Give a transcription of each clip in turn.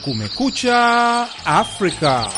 Kumekucha Afrika.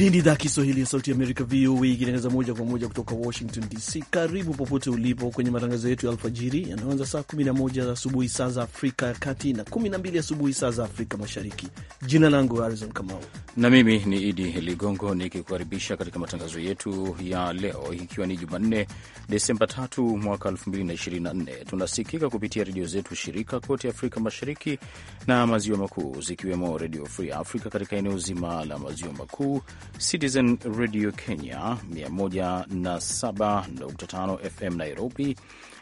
Hii ni idhaa Kiswahili ya Sauti ya Amerika, VOA, ikitangaza moja kwa moja kutoka Washington DC. Karibu popote ulipo kwenye matangazo yetu ya alfajiri yanayoanza saa 11 asubuhi saa za Afrika ya Kati na 12 asubuhi saa za Afrika Mashariki. Jina langu Harizon Kamau na mimi ni Idi Ligongo nikikukaribisha katika matangazo yetu ya leo, ikiwa ni Jumanne Desemba 3 mwaka 2024. Tunasikika kupitia redio zetu shirika kote Afrika Mashariki na Maziwa Makuu, zikiwemo Redio Free Africa katika eneo zima la Maziwa Makuu, Citizen Radio Kenya 107.5 FM Nairobi,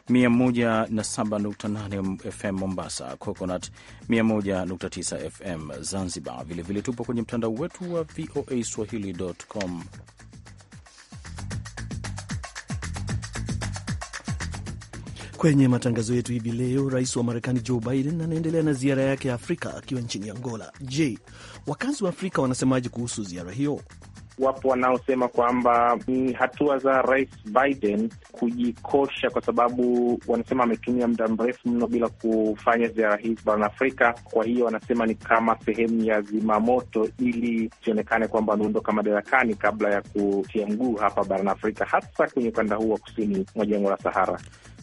107.8 FM Mombasa, Coconut 101.9 FM Zanzibar. Vilevile vile tupo kwenye mtandao wetu wa VOA Swahili.com. Kwenye matangazo yetu hivi leo, rais wa Marekani Joe Biden anaendelea na ziara yake ya Afrika akiwa nchini Angola. Je, wakazi wa Afrika wanasemaje kuhusu ziara hiyo? Wapo wanaosema kwamba ni hatua za Rais Biden kujikosha, kwa sababu wanasema ametumia muda mrefu mno bila kufanya ziara hizi barani Afrika. Kwa hiyo wanasema ni kama sehemu ya zimamoto, ili sionekane kwamba ameondoka madarakani kabla ya kutia mguu hapa barani Afrika, hasa kwenye ukanda huu wa kusini mwa jangwa la Sahara.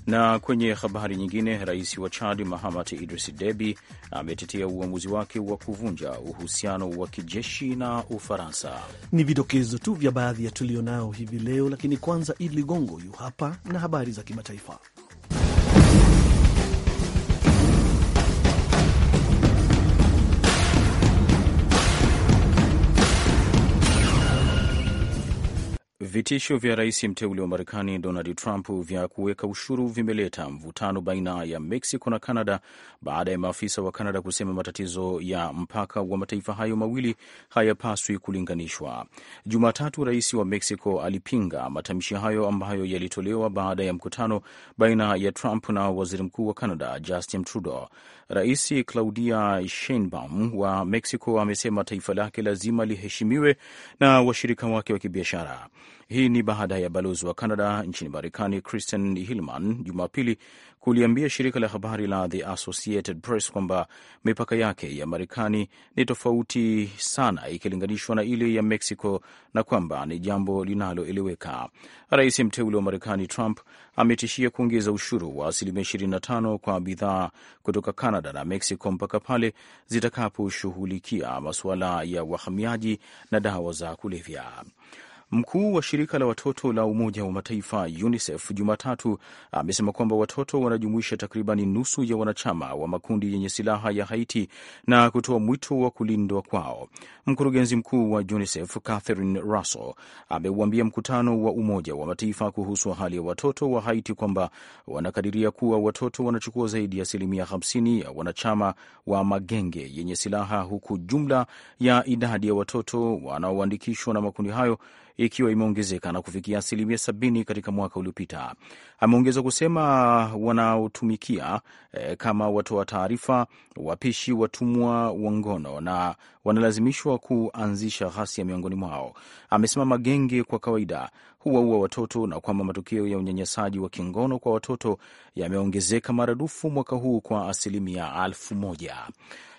Na kwenye habari nyingine, rais wa Chad Mahamat Idris Debi ametetea uamuzi wake wa kuvunja uhusiano wa kijeshi na Ufaransa. Ni vidokezo tu vya baadhi ya tulio nao hivi leo, lakini kwanza id Ligongo yu hapa na habari za kimataifa. Vitisho vya rais mteule wa Marekani Donald Trump vya kuweka ushuru vimeleta mvutano baina ya Mexico na Canada baada ya maafisa wa Canada kusema matatizo ya mpaka wa mataifa hayo mawili hayapaswi kulinganishwa. Jumatatu, rais wa Mexico alipinga matamshi hayo ambayo yalitolewa baada ya mkutano baina ya Trump na waziri mkuu wa Canada Justin Trudeau. Rais Claudia Sheinbaum wa Mexico amesema taifa lake lazima liheshimiwe na washirika wake wa kibiashara. Hii ni baada ya balozi wa Canada nchini Marekani Kristen Hillman Jumapili kuliambia shirika la habari la The Associated Press kwamba mipaka yake ya Marekani ni tofauti sana ikilinganishwa na ile ya Mexico na kwamba ni jambo linaloeleweka. Rais mteule wa Marekani Trump ametishia kuongeza ushuru wa asilimia 25 kwa bidhaa kutoka Canada na Mexico mpaka pale zitakaposhughulikia masuala ya wahamiaji na dawa za kulevya. Mkuu wa shirika la watoto la Umoja wa Mataifa UNICEF Jumatatu amesema kwamba watoto wanajumuisha takribani nusu ya wanachama wa makundi yenye silaha ya Haiti na kutoa mwito wa kulindwa kwao. Mkurugenzi mkuu wa UNICEF Catherine Russell ameuambia mkutano wa Umoja wa Mataifa kuhusu hali ya watoto wa Haiti kwamba wanakadiria kuwa watoto wanachukua zaidi ya asilimia 50 ya wanachama wa magenge yenye silaha, huku jumla ya idadi ya watoto wanaoandikishwa na makundi hayo ikiwa imeongezeka na kufikia asilimia sabini katika mwaka uliopita. Ameongeza kusema wanaotumikia e, kama watoa taarifa, wapishi, watumwa wa ngono na wanalazimishwa kuanzisha ghasia miongoni mwao. Amesema magenge kwa kawaida huwaua watoto na kwamba matukio ya unyanyasaji wa kingono kwa watoto yameongezeka maradufu mwaka huu kwa asilimia elfu moja.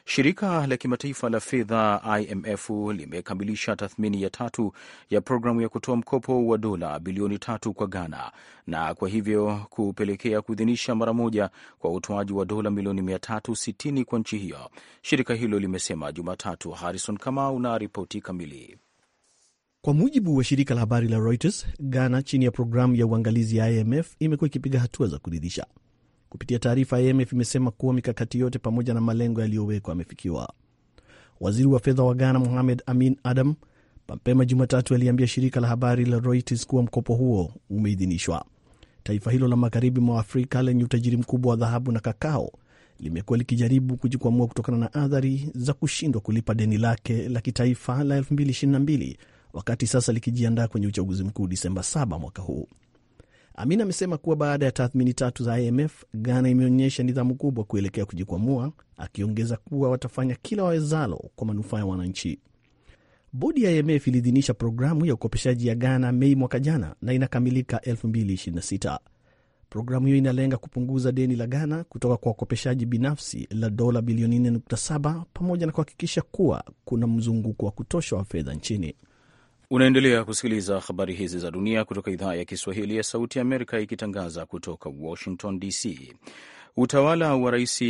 Shirika la kimataifa la fedha IMF limekamilisha tathmini ya tatu ya programu ya kutoa mkopo wa dola bilioni tatu kwa Ghana na kwa hivyo kupelekea kuidhinisha mara moja kwa utoaji wa dola milioni 360 kwa nchi hiyo, shirika hilo limesema Jumatatu. Harrison Kamau na ripoti kamili. Kwa mujibu wa shirika la habari la Reuters, Ghana chini ya programu ya uangalizi ya IMF imekuwa ikipiga hatua za kuridhisha Kupitia taarifa, IMF imesema kuwa mikakati yote pamoja na malengo yaliyowekwa yamefikiwa. Waziri wa fedha wa Ghana Mohamed Amin Adam mapema Jumatatu aliambia shirika la habari la Reuters kuwa mkopo huo umeidhinishwa. Taifa hilo la magharibi mwa Afrika lenye utajiri mkubwa wa dhahabu na kakao limekuwa likijaribu kujikwamua kutokana na athari za kushindwa kulipa deni lake la kitaifa la 2022 wakati sasa likijiandaa kwenye uchaguzi mkuu Disemba 7 mwaka huu. Amin amesema kuwa baada ya tathmini tatu za IMF, Ghana imeonyesha nidhamu kubwa kuelekea kujikwamua, akiongeza kuwa watafanya kila wawezalo kwa manufaa ya wananchi. Bodi ya IMF iliidhinisha programu ya ukopeshaji ya Ghana Mei mwaka jana na inakamilika 2026. Programu hiyo inalenga kupunguza deni la Ghana kutoka kwa wakopeshaji binafsi la dola bilioni 4.7 pamoja na kuhakikisha kuwa kuna mzunguko wa kutosha wa fedha nchini. Unaendelea kusikiliza habari hizi za dunia kutoka idhaa ya Kiswahili ya Sauti ya Amerika, ikitangaza kutoka Washington DC. Utawala wa Rais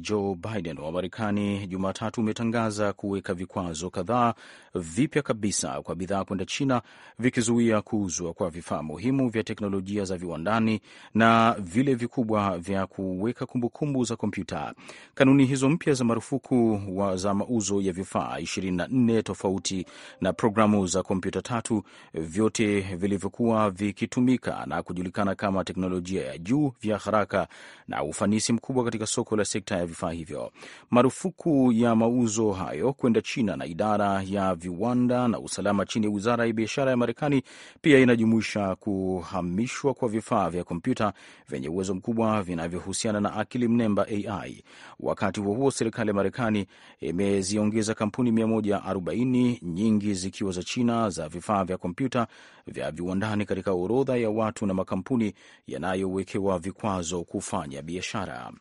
Joe Biden wa Marekani Jumatatu umetangaza kuweka vikwazo kadhaa vipya kabisa kwa bidhaa kwenda China, vikizuia kuuzwa kwa vifaa muhimu vya teknolojia za viwandani na vile vikubwa vya kuweka kumbukumbu za kompyuta. Kanuni hizo mpya za marufuku za mauzo ya vifaa 24 tofauti na programu za kompyuta tatu, vyote vilivyokuwa vikitumika na kujulikana kama teknolojia ya juu, vya haraka na ufanisi mkubwa katika soko la sekta ya vifaa hivyo. Marufuku ya mauzo hayo kwenda China na idara ya viwanda na usalama chini ya wizara ya biashara ya Marekani pia inajumuisha kuhamishwa kwa vifaa vya kompyuta vyenye uwezo mkubwa vinavyohusiana na akili mnemba AI. Wakati huo huo, serikali ya Marekani imeziongeza kampuni 140 nyingi zikiwa za China za vifaa vya kompyuta vya viwandani katika orodha ya watu na makampuni yanayowekewa vikwazo kufanya biashara biashara.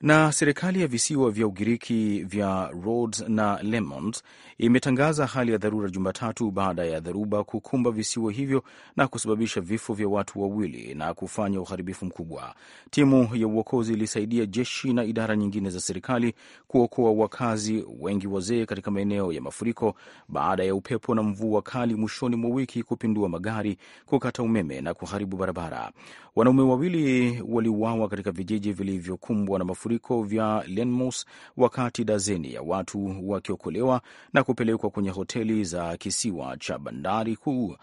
Na serikali ya visiwa vya Ugiriki vya Rhodes na Lemons imetangaza hali ya dharura Jumatatu baada ya dharuba kukumba visiwa hivyo na kusababisha vifo vya watu wawili na kufanya uharibifu mkubwa. Timu ya uokozi ilisaidia jeshi na idara nyingine za serikali kuokoa wakazi wengi wazee katika maeneo ya mafuriko baada ya upepo na mvua kali mwishoni mwa wiki kupindua magari, kukata umeme na kuharibu barabara. Wanaume wawili waliuawa katika vijiji vilivyokumbwa na mafuriko vya Lenmos, wakati dazeni ya watu wakiokolewa na kupelekwa kwenye hoteli za kisiwa cha bandari kuu uh,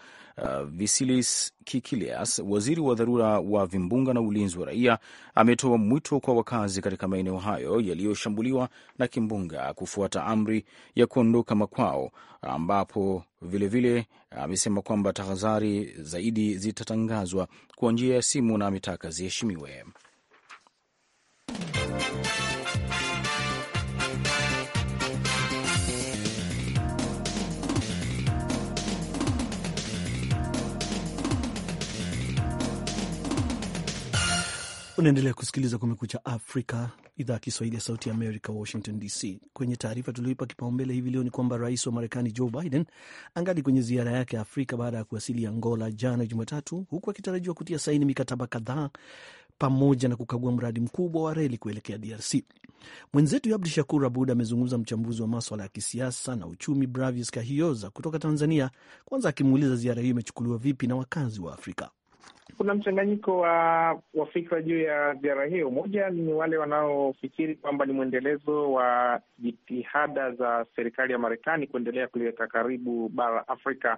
Vasilis Kikileas, waziri wa dharura wa vimbunga na ulinzi wa raia, ametoa mwito kwa wakazi katika maeneo hayo yaliyoshambuliwa na kimbunga kufuata amri ya kuondoka makwao, ambapo vilevile amesema kwamba tahadhari zaidi zitatangazwa kwa njia ya simu na ametaka ziheshimiwe. Unaendelea kusikiliza Kumekucha Afrika, idhaa ya Kiswahili ya Sauti ya Amerika, Washington DC. Kwenye taarifa tulioipa kipaumbele hivi leo ni kwamba rais wa Marekani Joe Biden angali kwenye ziara yake ya Afrika baada ya kuwasili Angola jana Jumatatu, huku akitarajiwa kutia saini mikataba kadhaa pamoja na kukagua mradi mkubwa wa reli kuelekea DRC. Mwenzetu Abdu Shakur Abud amezungumza mchambuzi wa maswala ya kisiasa na uchumi Bravis Kahioza kutoka Tanzania, kwanza akimuuliza ziara hiyo imechukuliwa vipi na wakazi wa Afrika. Kuna mchanganyiko wa, wa fikra juu ya ziara hiyo. Moja ni wale wanaofikiri kwamba ni mwendelezo wa jitihada za serikali ya Marekani kuendelea kuliweka karibu bara Afrika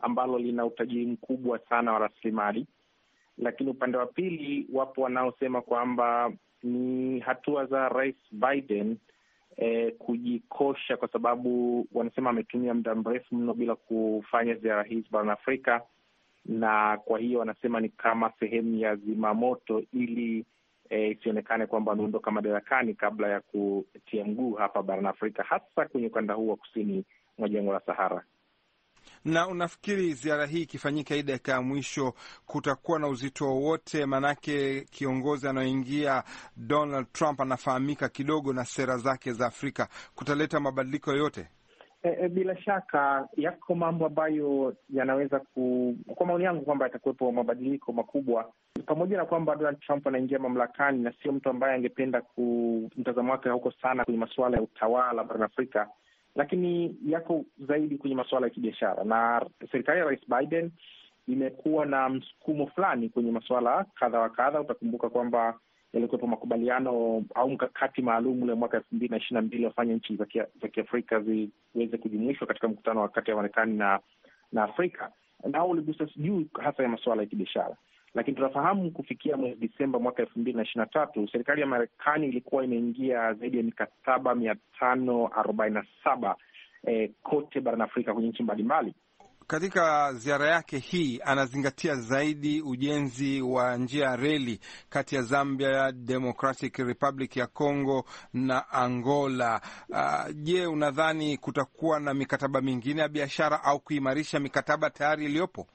ambalo lina utajiri mkubwa sana wa rasilimali, lakini upande wa pili wapo wanaosema kwamba ni hatua za Rais Biden eh, kujikosha kwa sababu wanasema ametumia muda mrefu mno bila kufanya ziara hizi barani Afrika na kwa hiyo wanasema ni kama sehemu ya zimamoto ili eh, isionekane e, kwamba ameondoka madarakani kabla ya kutia mguu hapa barani Afrika, hasa kwenye ukanda huu wa kusini mwa jangwa la Sahara. Na unafikiri ziara hii ikifanyika hii dakika ya mwisho kutakuwa na uzito wowote? Maanake kiongozi anayoingia Donald Trump anafahamika kidogo na sera zake za Afrika, kutaleta mabadiliko yoyote? E, e, bila shaka yako mambo ambayo yanaweza ku, kwa maoni yangu kwamba yatakuwepo mabadiliko makubwa, pamoja na kwamba Donald Trump anaingia mamlakani na sio mtu ambaye angependa ku, mtazamo wake hauko sana kwenye masuala ya utawala barani Afrika, lakini yako zaidi kwenye masuala ya kibiashara, na serikali ya Rais Biden imekuwa na msukumo fulani kwenye masuala kadha wa kadha. Utakumbuka kwamba yalikuwepo makubaliano au mkakati maalum ule mwaka elfu mbili na ishirini na mbili wafanya nchi za kiafrika ziweze kujumuishwa katika mkutano wa kati ya Marekani na na Afrika na uligusa juu hasa ya masuala ya kibiashara, lakini tunafahamu kufikia mwezi Disemba mwaka elfu mbili na ishirini na tatu serikali ya Marekani ilikuwa imeingia zaidi ya mikataba mia tano arobaini na saba eh, kote barani Afrika kwenye nchi mbalimbali katika ziara yake hii anazingatia zaidi ujenzi wa njia ya reli kati ya Zambia, Democratic Republic ya Congo na Angola. Uh, je, unadhani kutakuwa na mikataba mingine ya biashara au kuimarisha mikataba tayari iliyopo?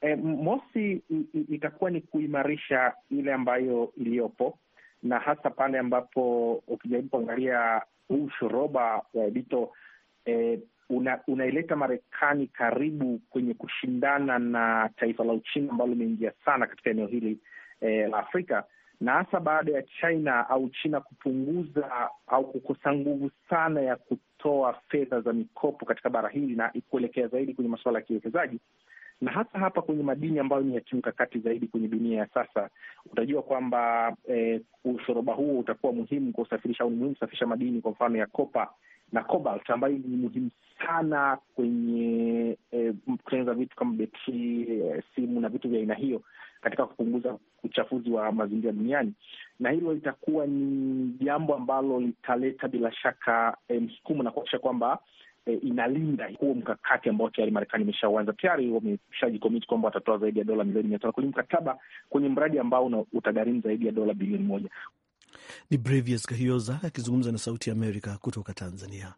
E, mosi itakuwa ni kuimarisha ile ambayo iliyopo na hasa pale ambapo ukijaribu kuangalia huu shoroba wa Ebito, e, eh, una, unaileta Marekani karibu kwenye kushindana na taifa la Uchina ambalo limeingia sana katika eneo hili eh, la Afrika na hasa baada ya China au China kupunguza au kukosa nguvu sana ya kutoa fedha za mikopo katika bara hili na kuelekea zaidi kwenye masuala ya kiwekezaji na hasa hapa kwenye madini ambayo ni ya kimkakati zaidi kwenye dunia ya sasa. Utajua kwamba eh, ushoroba huo utakuwa muhimu kwa usafirisha au ni muhimu kusafirisha madini kwa mfano ya kopa na cobalt ambayo ni muhimu sana kwenye eh, vitu kama betri eh, simu na vitu vya aina hiyo katika kupunguza uchafuzi wa mazingira duniani, na hilo litakuwa ni jambo ambalo litaleta bila shaka eh, msukumo na kuakisha kwamba eh, inalinda huo mkakati ambao tayari Marekani imeshauanza. Tayari wameshajikomiti kwamba watatoa zaidi ya dola milioni mia tano kwenye mkataba, kwenye mradi ambao utagharimu zaidi ya dola bilioni moja. Ni Brevius Kahioza akizungumza na Sauti ya Amerika kutoka Tanzania.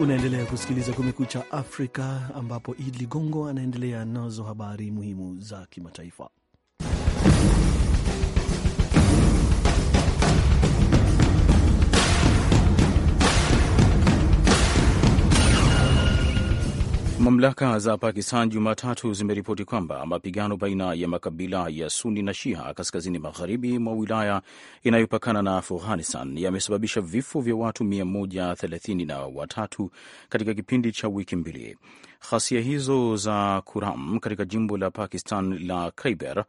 Unaendelea kusikiliza Kumekucha Afrika, ambapo Idi Ligongo anaendelea nazo habari muhimu za kimataifa. Mamlaka za Pakistan Jumatatu zimeripoti kwamba mapigano baina ya makabila ya Suni na Shia kaskazini magharibi mwa wilaya inayopakana na Afghanistan yamesababisha vifo vya watu 133 katika kipindi cha wiki mbili. Ghasia hizo za Kuram katika jimbo la Pakistan la Khyber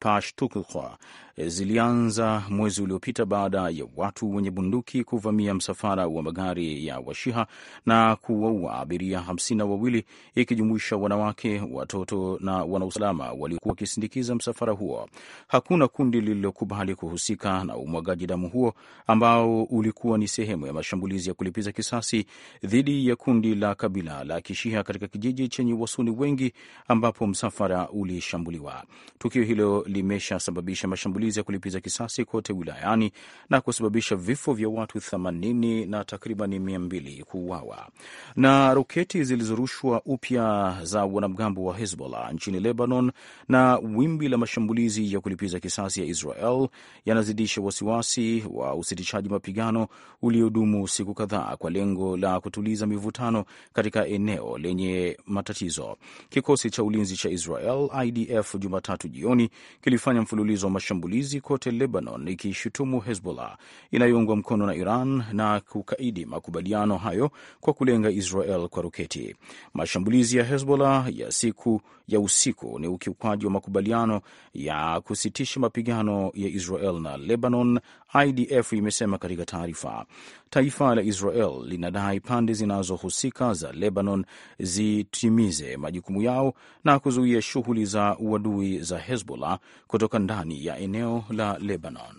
Pakhtunkhwa Eh, zilianza mwezi uliopita baada ya watu wenye bunduki kuvamia msafara wa magari ya Washiha na kuwaua abiria hamsini na wawili ikijumuisha wanawake, watoto na wanausalama waliokuwa wakisindikiza msafara huo. Hakuna kundi lililokubali kuhusika na umwagaji damu huo ambao ulikuwa ni sehemu ya mashambulizi ya kulipiza kisasi dhidi ya kundi la kabila la kishiha katika kijiji chenye Wasuni wengi ambapo msafara ulishambuliwa. Tukio hilo limeshasababisha mashambulizi mashambulizi ya kulipiza kisasi kote wilayani na kusababisha vifo vya watu 80 na takriban 200 kuuawa. Na roketi zilizorushwa upya za wanamgambo wa Hezbollah nchini Lebanon na wimbi la mashambulizi ya kulipiza kisasi ya Israel yanazidisha wasiwasi wa usitishaji mapigano uliodumu siku kadhaa kwa lengo la kutuliza mivutano katika eneo lenye matatizo. Kikosi cha ulinzi cha Israel IDF Jumatatu jioni kilifanya mfululizo wa mashambulizi mashambulizi kote Lebanon ikishutumu Hezbollah inayoungwa mkono na Iran na kukaidi makubaliano hayo kwa kulenga Israel kwa roketi. Mashambulizi ya Hezbollah ya siku ya usiku ni ukiukwaji wa makubaliano ya kusitisha mapigano ya Israel na Lebanon, IDF imesema katika taarifa. Taifa la Israel linadai pande zinazohusika za Lebanon zitimize majukumu yao na kuzuia shughuli za uadui za Hezbollah kutoka ndani ya eneo la Lebanon.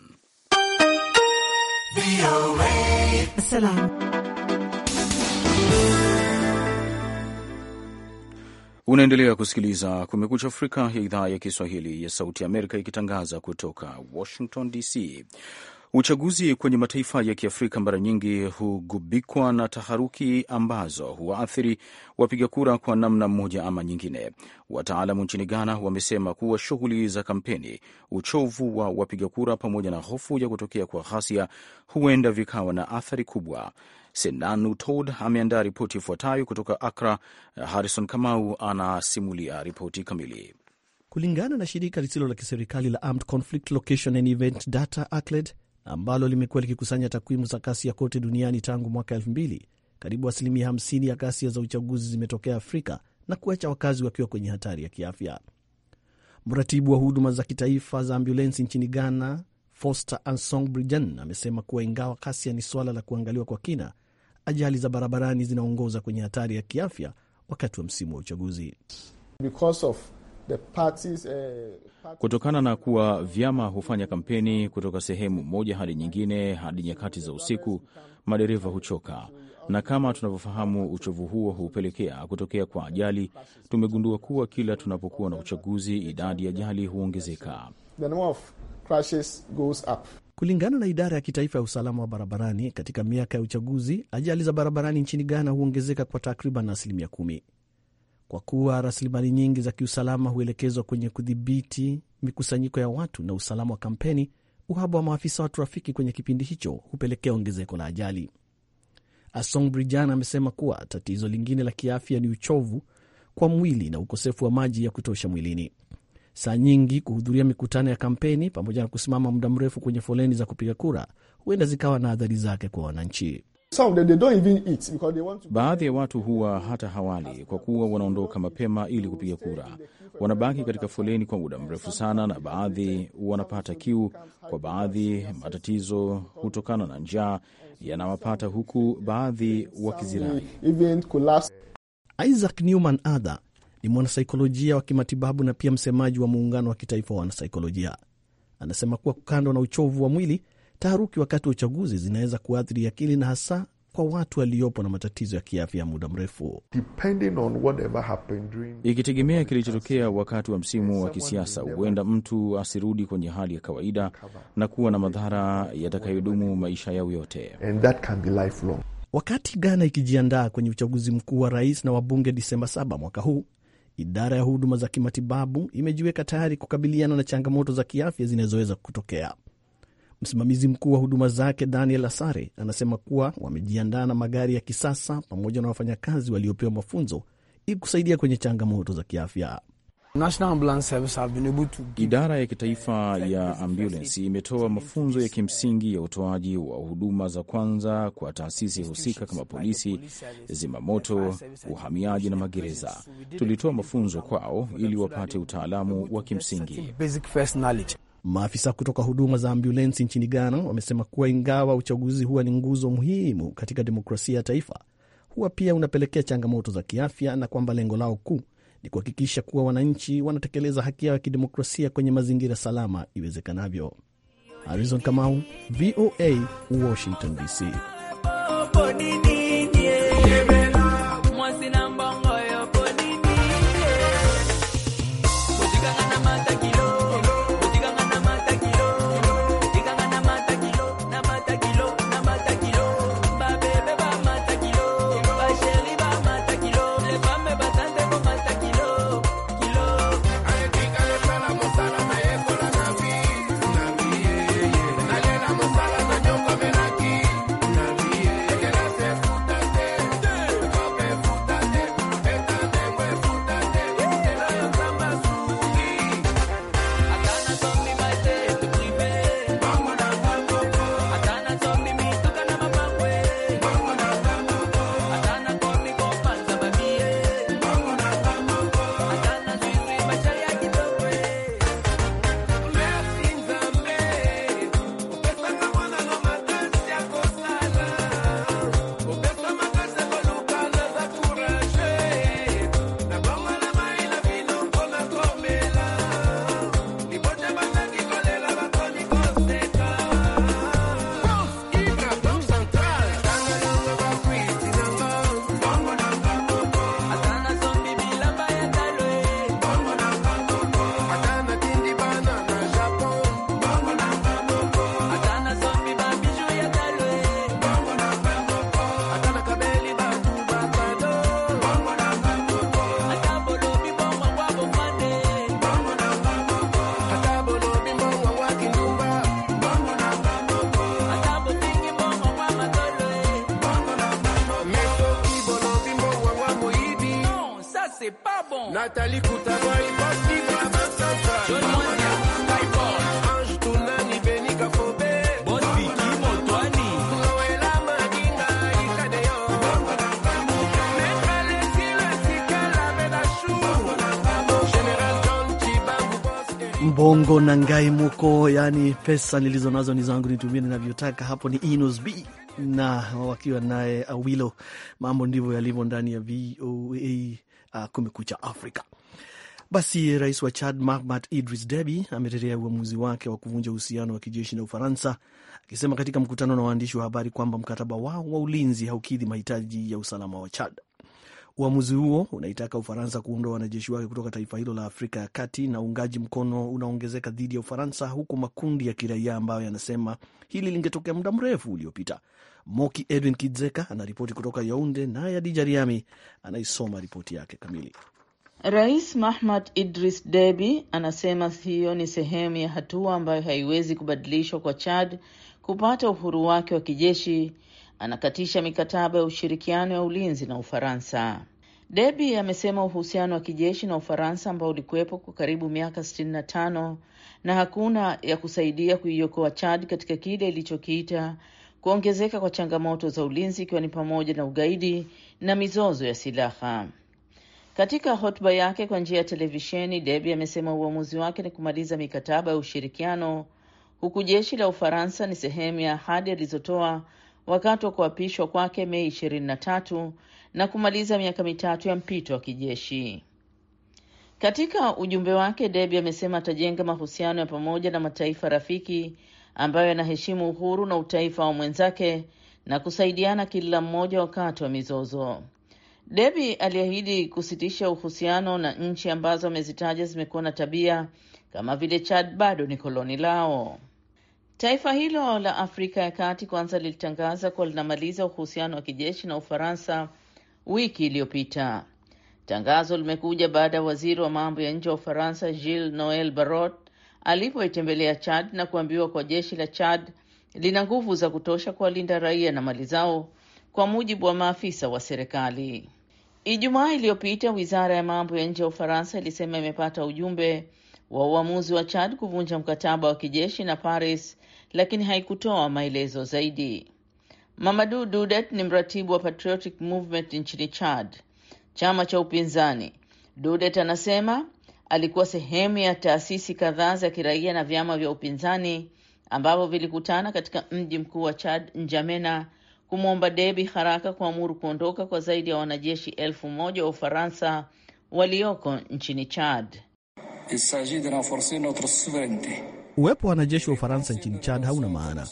Unaendelea kusikiliza Kumekucha Afrika ya idhaa ya Kiswahili ya Sauti ya Amerika ikitangaza kutoka Washington DC. Uchaguzi kwenye mataifa ya Kiafrika mara nyingi hugubikwa na taharuki ambazo huwaathiri wapiga kura kwa namna moja ama nyingine. Wataalamu nchini Ghana wamesema kuwa shughuli za kampeni, uchovu wa wapiga kura, pamoja na hofu ya kutokea kwa ghasia huenda vikawa na athari kubwa. Senanu Todd ameandaa ripoti ifuatayo kutoka Akra. Harrison Kamau anasimulia ripoti kamili. Kulingana na shirika lisilo la kiserikali la Armed Conflict Location and Event Data ACLED, ambalo limekuwa likikusanya takwimu za ghasia kote duniani tangu mwaka 2000, karibu asilimia 50 ya ghasia za uchaguzi zimetokea Afrika na kuacha wakazi wakiwa kwenye hatari ya kiafya. Mratibu wa huduma za kitaifa za ambulensi nchini Ghana, Foster Ansong Brijan, amesema kuwa ingawa ghasia ni swala la kuangaliwa kwa kina, ajali za barabarani zinaongoza kwenye hatari ya kiafya wakati wa msimu wa uchaguzi. Because of parties, uh, parties. Kutokana na kuwa vyama hufanya kampeni kutoka sehemu moja hadi nyingine hadi nyakati za usiku, madereva huchoka, na kama tunavyofahamu, uchovu huo hupelekea kutokea kwa ajali. Tumegundua kuwa kila tunapokuwa na uchaguzi, idadi ya ajali huongezeka. Kulingana na idara ya kitaifa ya usalama wa barabarani, katika miaka ya uchaguzi, ajali za barabarani nchini Ghana huongezeka kwa takriban asilimia kumi kwa kuwa rasilimali nyingi za kiusalama huelekezwa kwenye kudhibiti mikusanyiko ya watu na usalama wa kampeni. Uhaba wa maafisa wa trafiki kwenye kipindi hicho hupelekea ongezeko la ajali. Asong Brijan amesema kuwa tatizo lingine la kiafya ni uchovu kwa mwili na ukosefu wa maji ya kutosha mwilini. Saa nyingi kuhudhuria mikutano ya kampeni pamoja na kusimama muda mrefu kwenye foleni za kupiga kura huenda zikawa na athari zake kwa wananchi. Baadhi ya watu huwa hata hawali kwa kuwa wanaondoka mapema ili kupiga kura. Wanabaki katika foleni kwa muda mrefu sana, na baadhi wanapata kiu. Kwa baadhi, matatizo hutokana na njaa yanawapata, huku baadhi wakizirai. Isaac Newman Adha ni mwanasaikolojia wa kimatibabu na pia msemaji wa muungano wa kitaifa wa wanasaikolojia. Anasema kuwa kando na uchovu wa mwili Taharuki wakati wa uchaguzi zinaweza kuathiri akili na hasa kwa watu waliopo na matatizo ya kiafya ya muda mrefu. Ikitegemea kilichotokea wakati wa msimu wa kisiasa, huenda mtu asirudi kwenye hali ya kawaida na kuwa na madhara yatakayodumu maisha yao yote. Wakati Ghana ikijiandaa kwenye uchaguzi mkuu wa rais na wabunge Disemba 7 mwaka huu, idara ya huduma za kimatibabu imejiweka tayari kukabiliana na changamoto za kiafya zinazoweza kutokea. Msimamizi mkuu wa huduma zake Daniel Asare anasema kuwa wamejiandaa na magari ya kisasa pamoja na wafanyakazi waliopewa mafunzo ili kusaidia kwenye changamoto za kiafya. Idara ya kitaifa ya ambulensi imetoa mafunzo ya kimsingi ya utoaji wa huduma za kwanza kwa taasisi husika kama polisi, zimamoto, uhamiaji na magereza. Tulitoa mafunzo kwao ili wapate utaalamu wa kimsingi. Maafisa kutoka huduma za ambulensi nchini Ghana wamesema kuwa ingawa uchaguzi huwa ni nguzo muhimu katika demokrasia ya taifa, huwa pia unapelekea changamoto za kiafya na kwamba lengo lao kuu ni kuhakikisha kuwa wananchi wanatekeleza haki yao ya kidemokrasia kwenye mazingira salama iwezekanavyo. Harrison Kamau, VOA, Washington DC. Bongo na ngai muko, yani pesa nilizo nazo ni zangu, nitumie ninavyotaka. Hapo ni Inos B na wakiwa naye Awilo. Mambo ndivyo yalivyo ndani ya VOA uh, Kumekucha Afrika. Basi rais wa Chad Mahamat Idris Deby ametetea uamuzi wake wa kuvunja uhusiano wa kijeshi na Ufaransa, akisema katika mkutano na waandishi wa habari kwamba mkataba wao wa ulinzi haukidhi mahitaji ya usalama wa Chad. Uamuzi huo unaitaka Ufaransa kuondoa wanajeshi wake kutoka taifa hilo la Afrika ya Kati, na uungaji mkono unaongezeka dhidi ya Ufaransa, huku makundi ya kiraia ambayo yanasema hili lingetokea muda mrefu uliopita. Moki Edwin Kidzeka anaripoti kutoka Yaunde, naye Adija Riami anaisoma ripoti yake kamili. Rais Mahmad Idris Deby anasema hiyo ni sehemu ya hatua ambayo haiwezi kubadilishwa kwa Chad kupata uhuru wake wa kijeshi. Anakatisha mikataba ya ushirikiano ya ulinzi na Ufaransa. Debi amesema uhusiano wa kijeshi na Ufaransa ambao ulikuwepo kwa karibu miaka 65 na hakuna ya kusaidia kuiokoa Chad katika kile ilichokiita kuongezeka kwa changamoto za ulinzi ikiwa ni pamoja na ugaidi na mizozo ya silaha. Katika hotuba yake kwa njia ya televisheni, Debi amesema uamuzi wake ni kumaliza mikataba ya ushirikiano huku jeshi la Ufaransa ni sehemu ya ahadi alizotoa wakati wa kuapishwa kwake Mei 23 na kumaliza miaka mitatu ya mpito wa kijeshi. Katika ujumbe wake, Deby amesema atajenga mahusiano ya pamoja na mataifa rafiki ambayo yanaheshimu uhuru na utaifa wa mwenzake na kusaidiana kila mmoja wakati wa mizozo. Deby aliahidi kusitisha uhusiano na nchi ambazo amezitaja zimekuwa na tabia kama vile Chad bado ni koloni lao. Taifa hilo la Afrika ya Kati kwanza lilitangaza kuwa linamaliza uhusiano wa kijeshi na Ufaransa wiki iliyopita. Tangazo limekuja baada ya waziri wa mambo ya nje wa Ufaransa Gilles Noel Barrot alipoitembelea Chad na kuambiwa kwa jeshi la Chad lina nguvu za kutosha kuwalinda raia na mali zao, kwa mujibu wa maafisa wa serikali. Ijumaa iliyopita, wizara ya mambo ya nje ya Ufaransa ilisema imepata ujumbe wa uamuzi wa Chad kuvunja mkataba wa kijeshi na Paris lakini haikutoa maelezo zaidi. mamadu Dudet ni mratibu wa Patriotic Movement nchini Chad, chama cha upinzani. Dudet anasema alikuwa sehemu ya taasisi kadhaa za kiraia na vyama vya upinzani ambavyo vilikutana katika mji mkuu wa Chad, njamena kumwomba Debi haraka kuamuru kuondoka kwa zaidi ya wanajeshi elfu moja wa Ufaransa walioko nchini Chad. Il s'agit de renforcer notre souveraineté Uwepo wa wanajeshi wa Ufaransa nchini Chad hauna maana.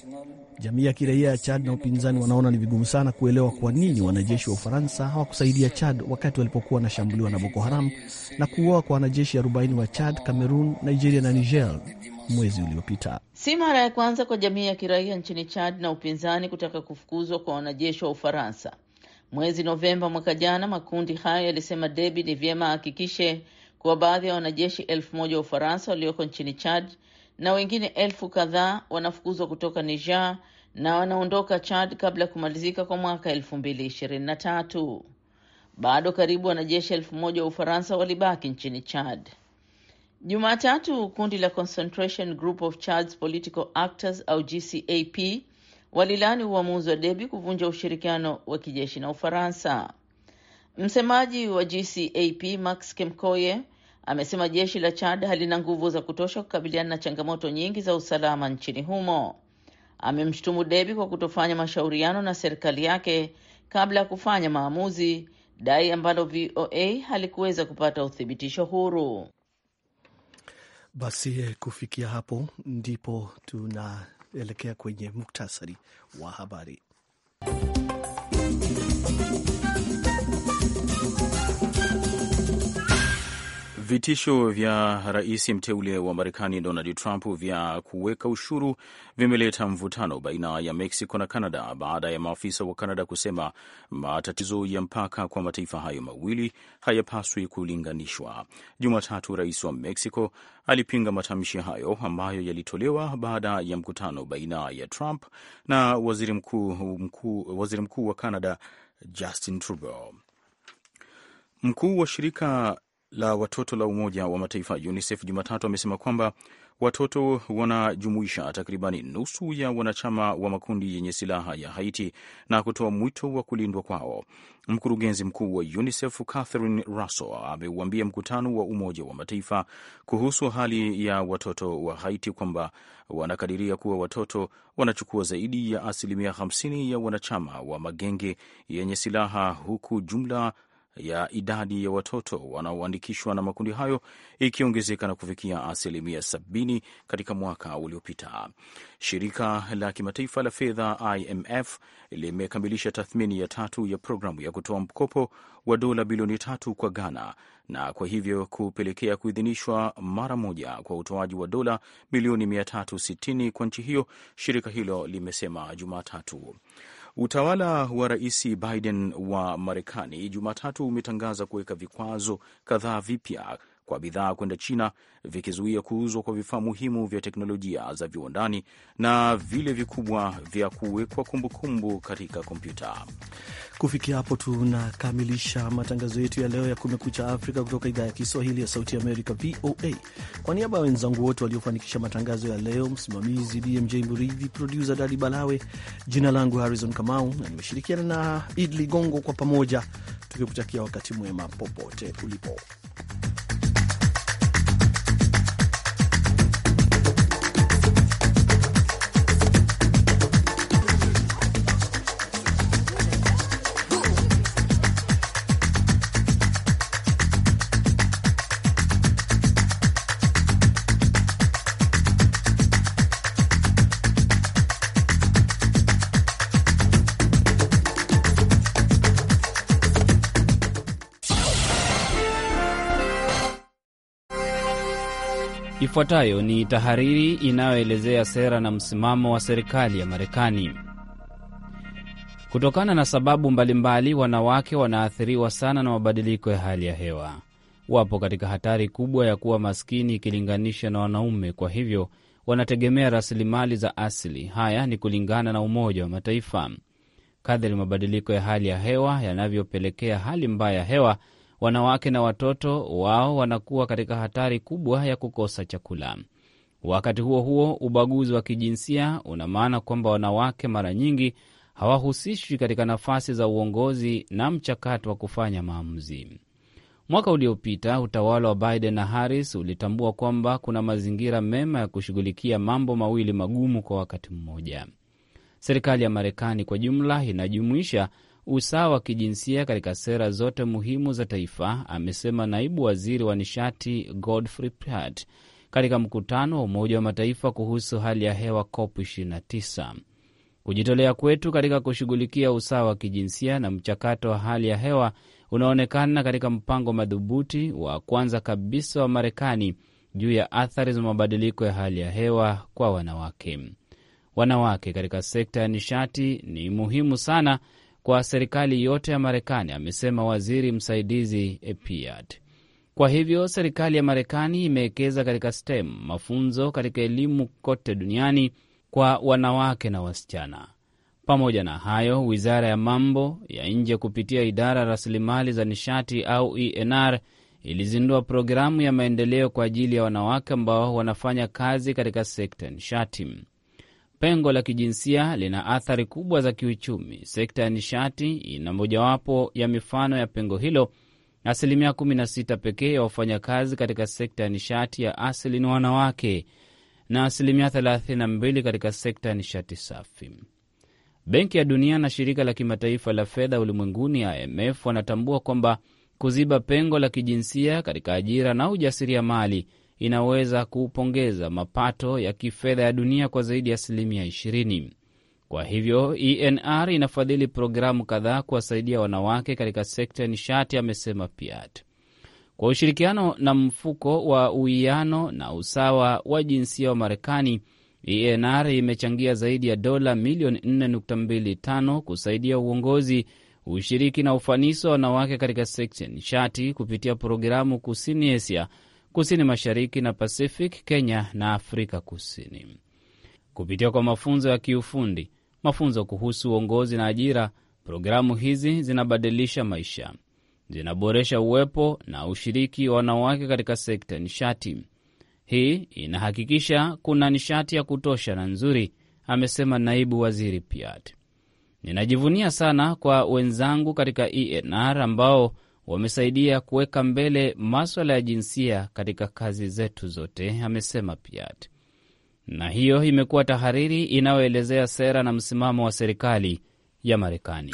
Jamii ya kiraia ya Chad na upinzani wanaona ni vigumu sana kuelewa kwa nini wanajeshi wa Ufaransa hawakusaidia Chad wakati walipokuwa wanashambuliwa na Boko Haram na kuuawa kwa wanajeshi 40 wa Chad, Cameroon, Nigeria na Niger mwezi uliopita. Si mara ya kwanza kwa jamii ya kiraia nchini Chad na upinzani kutaka kufukuzwa kwa wanajeshi wa Ufaransa. Mwezi Novemba mwaka jana, makundi hayo yalisema debi ni vyema ahakikishe kuwa baadhi ya wanajeshi elfu moja wa Ufaransa walioko nchini Chad na wengine elfu kadhaa wanafukuzwa kutoka Niger na wanaondoka Chad kabla ya kumalizika kwa mwaka elfu mbili ishirini na tatu. Bado karibu wanajeshi elfu moja wa Ufaransa walibaki nchini Chad. Jumatatu, kundi la Concentration Group of Chad's Political Actors au GCAP walilaani uamuzi wa Debi kuvunja ushirikiano wa kijeshi na Ufaransa. Msemaji wa GCAP Max Kemkoye amesema jeshi la Chad halina nguvu za kutosha kukabiliana na changamoto nyingi za usalama nchini humo. Amemshutumu Debi kwa kutofanya mashauriano na serikali yake kabla ya kufanya maamuzi, dai ambalo VOA halikuweza kupata uthibitisho huru. Basi eh, kufikia hapo ndipo tunaelekea kwenye muktasari wa habari. Vitisho vya rais mteule wa Marekani Donald Trump vya kuweka ushuru vimeleta mvutano baina ya Mexico na Canada baada ya maafisa wa Canada kusema matatizo ya mpaka kwa mataifa hayo mawili hayapaswi kulinganishwa. Jumatatu, rais wa Mexico alipinga matamshi hayo ambayo yalitolewa baada ya mkutano baina ya Trump na waziri mkuu, mkuu, waziri mkuu wa Canada Justin Trudeau. Mkuu wa shirika la watoto la Umoja wa Mataifa UNICEF Jumatatu amesema kwamba watoto wanajumuisha takribani nusu ya wanachama wa makundi yenye silaha ya Haiti na kutoa mwito wa kulindwa kwao. Mkurugenzi mkuu wa UNICEF Catherine Russell ameuambia mkutano wa Umoja wa Mataifa kuhusu hali ya watoto wa Haiti kwamba wanakadiria kuwa watoto wanachukua zaidi ya asilimia 50 ya wanachama wa magenge yenye silaha huku jumla ya idadi ya watoto wanaoandikishwa na makundi hayo ikiongezeka na kufikia asilimia 70 katika mwaka uliopita. Shirika la kimataifa la fedha IMF limekamilisha tathmini ya tatu ya programu ya kutoa mkopo wa dola bilioni tatu kwa Ghana na kwa hivyo kupelekea kuidhinishwa mara moja kwa utoaji wa dola milioni 360 kwa nchi hiyo, shirika hilo limesema Jumatatu. Utawala wa Rais Biden wa Marekani Jumatatu umetangaza kuweka vikwazo kadhaa vipya kwa bidhaa kwenda China, vikizuia kuuzwa kwa vifaa muhimu vya teknolojia za viwandani na vile vikubwa vya kuwekwa kumbukumbu katika kompyuta. Kufikia hapo, tunakamilisha matangazo yetu ya leo ya Kumekucha Afrika kutoka idhaa ya Kiswahili ya Sauti Amerika, VOA. Kwa niaba ya wenzangu wote waliofanikisha matangazo ya leo, msimamizi BMJ Mridhi, produsa Dadi Balawe, jina langu Harrison Kamau na nimeshirikiana na Idli Gongo, kwa pamoja tukikutakia wakati mwema popote ulipo. Ifuatayo ni tahariri inayoelezea sera na msimamo wa serikali ya Marekani. Kutokana na sababu mbalimbali, wanawake wanaathiriwa sana na mabadiliko ya hali ya hewa. Wapo katika hatari kubwa ya kuwa maskini ikilinganisha na wanaume, kwa hivyo wanategemea rasilimali za asili. Haya ni kulingana na Umoja wa Mataifa. Kadhiri mabadiliko ya hali ya hewa yanavyopelekea hali mbaya ya hewa wanawake na watoto wao wanakuwa katika hatari kubwa ya kukosa chakula. Wakati huo huo, ubaguzi wa kijinsia una maana kwamba wanawake mara nyingi hawahusishwi katika nafasi za uongozi na mchakato wa kufanya maamuzi. Mwaka uliopita utawala wa Biden na Harris ulitambua kwamba kuna mazingira mema ya kushughulikia mambo mawili magumu kwa wakati mmoja. Serikali ya Marekani kwa jumla inajumuisha usawa wa kijinsia katika sera zote muhimu za taifa, amesema naibu waziri wa nishati Godfrey Prat katika mkutano wa Umoja wa Mataifa kuhusu hali ya hewa COP 29. Kujitolea kwetu katika kushughulikia usawa wa kijinsia na mchakato wa hali ya hewa unaonekana katika mpango madhubuti wa kwanza kabisa wa Marekani juu ya athari za mabadiliko ya hali ya hewa kwa wanawake. Wanawake katika sekta ya nishati ni muhimu sana kwa serikali yote ya Marekani, amesema waziri msaidizi Epiat. Kwa hivyo serikali ya Marekani imewekeza katika STEM, mafunzo katika elimu kote duniani kwa wanawake na wasichana. Pamoja na hayo, wizara ya mambo ya nje kupitia idara rasilimali za nishati au ENR ilizindua programu ya maendeleo kwa ajili ya wanawake ambao wanafanya kazi katika sekta nishati. Pengo la kijinsia lina athari kubwa za kiuchumi. Sekta ya nishati ina mojawapo ya mifano ya pengo hilo. Asilimia 16 pekee ya wafanyakazi katika sekta ya nishati ya asili ni wanawake na asilimia 32 katika sekta ya nishati safi. Benki ya Dunia na shirika la kimataifa la fedha ulimwenguni IMF wanatambua kwamba kuziba pengo la kijinsia katika ajira na ujasiriamali inaweza kupongeza mapato ya kifedha ya dunia kwa zaidi ya asilimia 20. Kwa hivyo ENR inafadhili programu kadhaa kuwasaidia wanawake katika sekta ya nishati, amesema Piat. Kwa ushirikiano na mfuko wa uwiano na usawa wa jinsia wa Marekani, ENR imechangia zaidi ya dola milioni 4.25 kusaidia uongozi, ushiriki na ufanisi wa wanawake katika sekta ya nishati kupitia programu kusini Asia kusini mashariki na Pacific, Kenya na Afrika Kusini. Kupitia kwa mafunzo ya kiufundi, mafunzo kuhusu uongozi na ajira, programu hizi zinabadilisha maisha, zinaboresha uwepo na ushiriki wa wanawake katika sekta ya nishati. Hii inahakikisha kuna nishati ya kutosha na nzuri, amesema naibu waziri Piat. Ninajivunia sana kwa wenzangu katika ENR ambao wamesaidia kuweka mbele maswala ya jinsia katika kazi zetu zote, amesema Piat. Na hiyo imekuwa tahariri inayoelezea sera na msimamo wa serikali ya Marekani.